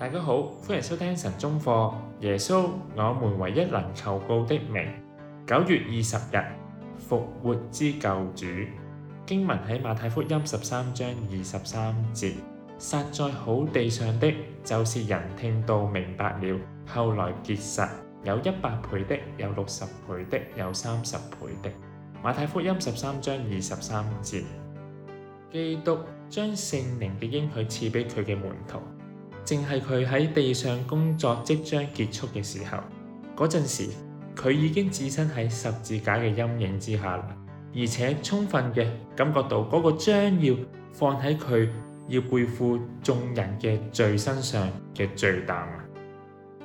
大家好，歡迎收聽晨鐘課。耶穌，我們唯一能求告的名。九月二十日，復活之救主。經文喺馬太福音十三章二十三節，撒在好地上的，就是人聽到明白了，後來結實，有一百倍的，有六十倍的，有三十倍的。馬太福音十三章二十三節。基督將聖靈嘅應許賜俾佢嘅門徒。正係佢喺地上工作即將結束嘅時候，嗰陣時佢已經置身喺十字架嘅陰影之下啦，而且充分嘅感覺到嗰個將要放喺佢要背負眾人嘅罪身上嘅罪擔啦。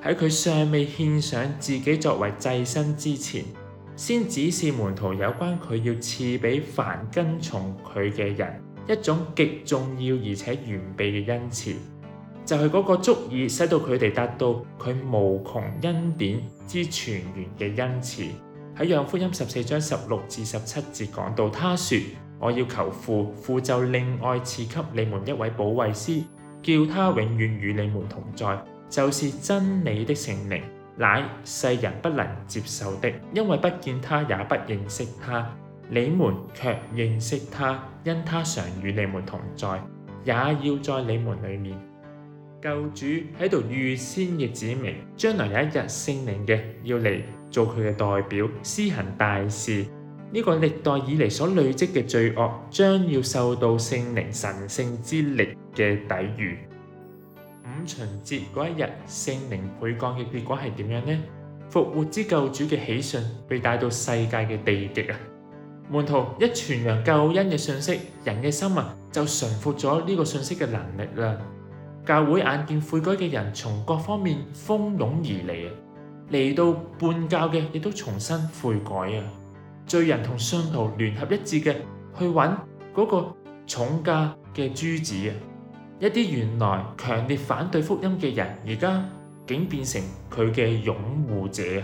喺佢尚未獻上自己作為祭身之前，先指示門徒有關佢要賜畀凡跟從佢嘅人一種極重要而且完備嘅恩賜。就係嗰個足以使到佢哋達到佢無窮恩典之泉源嘅恩慈。喺《約翰福音》十四章十六至十七節講到，他說：我要求父，父就另外賜給你們一位保惠師，叫他永遠與你們同在，就是真理的聖靈，乃世人不能接受的，因為不見他也不認識他。你們卻認識他，因他常與你們同在，也要在你們裡面。救主喺度預先嘅指明，將來有一日聖靈嘅要嚟做佢嘅代表，施行大事。呢、這個歷代以嚟所累積嘅罪惡，將要受到聖靈神聖之力嘅抵御。五旬節嗰一日，聖靈沛降嘅結果係點樣呢？復活之救主嘅喜訊被帶到世界嘅地極啊！門徒一傳揚救恩嘅信息，人嘅心啊就臣服咗呢個信息嘅能力啦。教會眼見悔改嘅人從各方面蜂擁而嚟啊！嚟到半教嘅亦都重新悔改啊！罪人同信徒聯合一致嘅去揾嗰個重價嘅珠子啊！一啲原來強烈反對福音嘅人，而家竟變成佢嘅擁護者啊！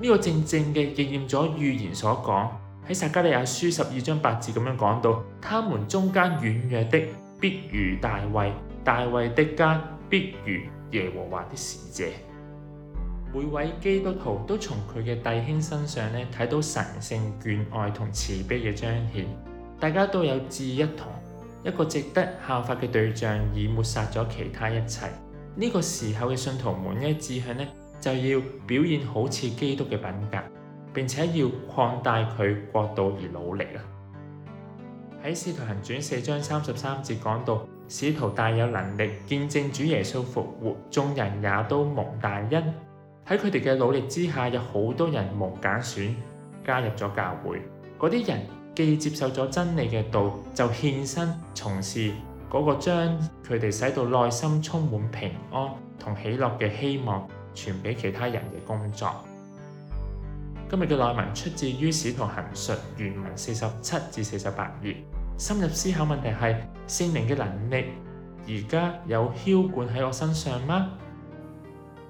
呢、這個正正嘅應驗咗預言所講喺撒迦利亞書十二章八字咁樣講到：他們中間軟弱的必如大衛。大衛的家必如耶和華的使者。每位基督徒都從佢嘅弟兄身上咧睇到神聖眷愛同慈悲嘅彰顯。大家都有志一同，一個值得效法嘅對象已抹殺咗其他一切。呢、這個時候嘅信徒們嘅志向咧，就要表現好似基督嘅品格，並且要擴大佢國度而努力啦。喺《使徒行傳》四章三十三節講到。使徒大有能力見證主耶穌復活，眾人也都蒙大恩。喺佢哋嘅努力之下，有好多人蒙揀選加入咗教會。嗰啲人既接受咗真理嘅道，就獻身從事嗰個將佢哋使到內心充滿平安同喜樂嘅希望傳俾其他人嘅工作。今日嘅內文出自於《使徒行述》原文四十七至四十八頁。深入思考問題係：聖靈嘅能力而家有澆灌喺我身上嗎？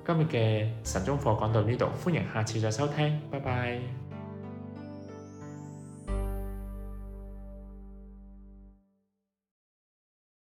今日嘅晨鐘課講到呢度，歡迎下次再收聽，拜拜。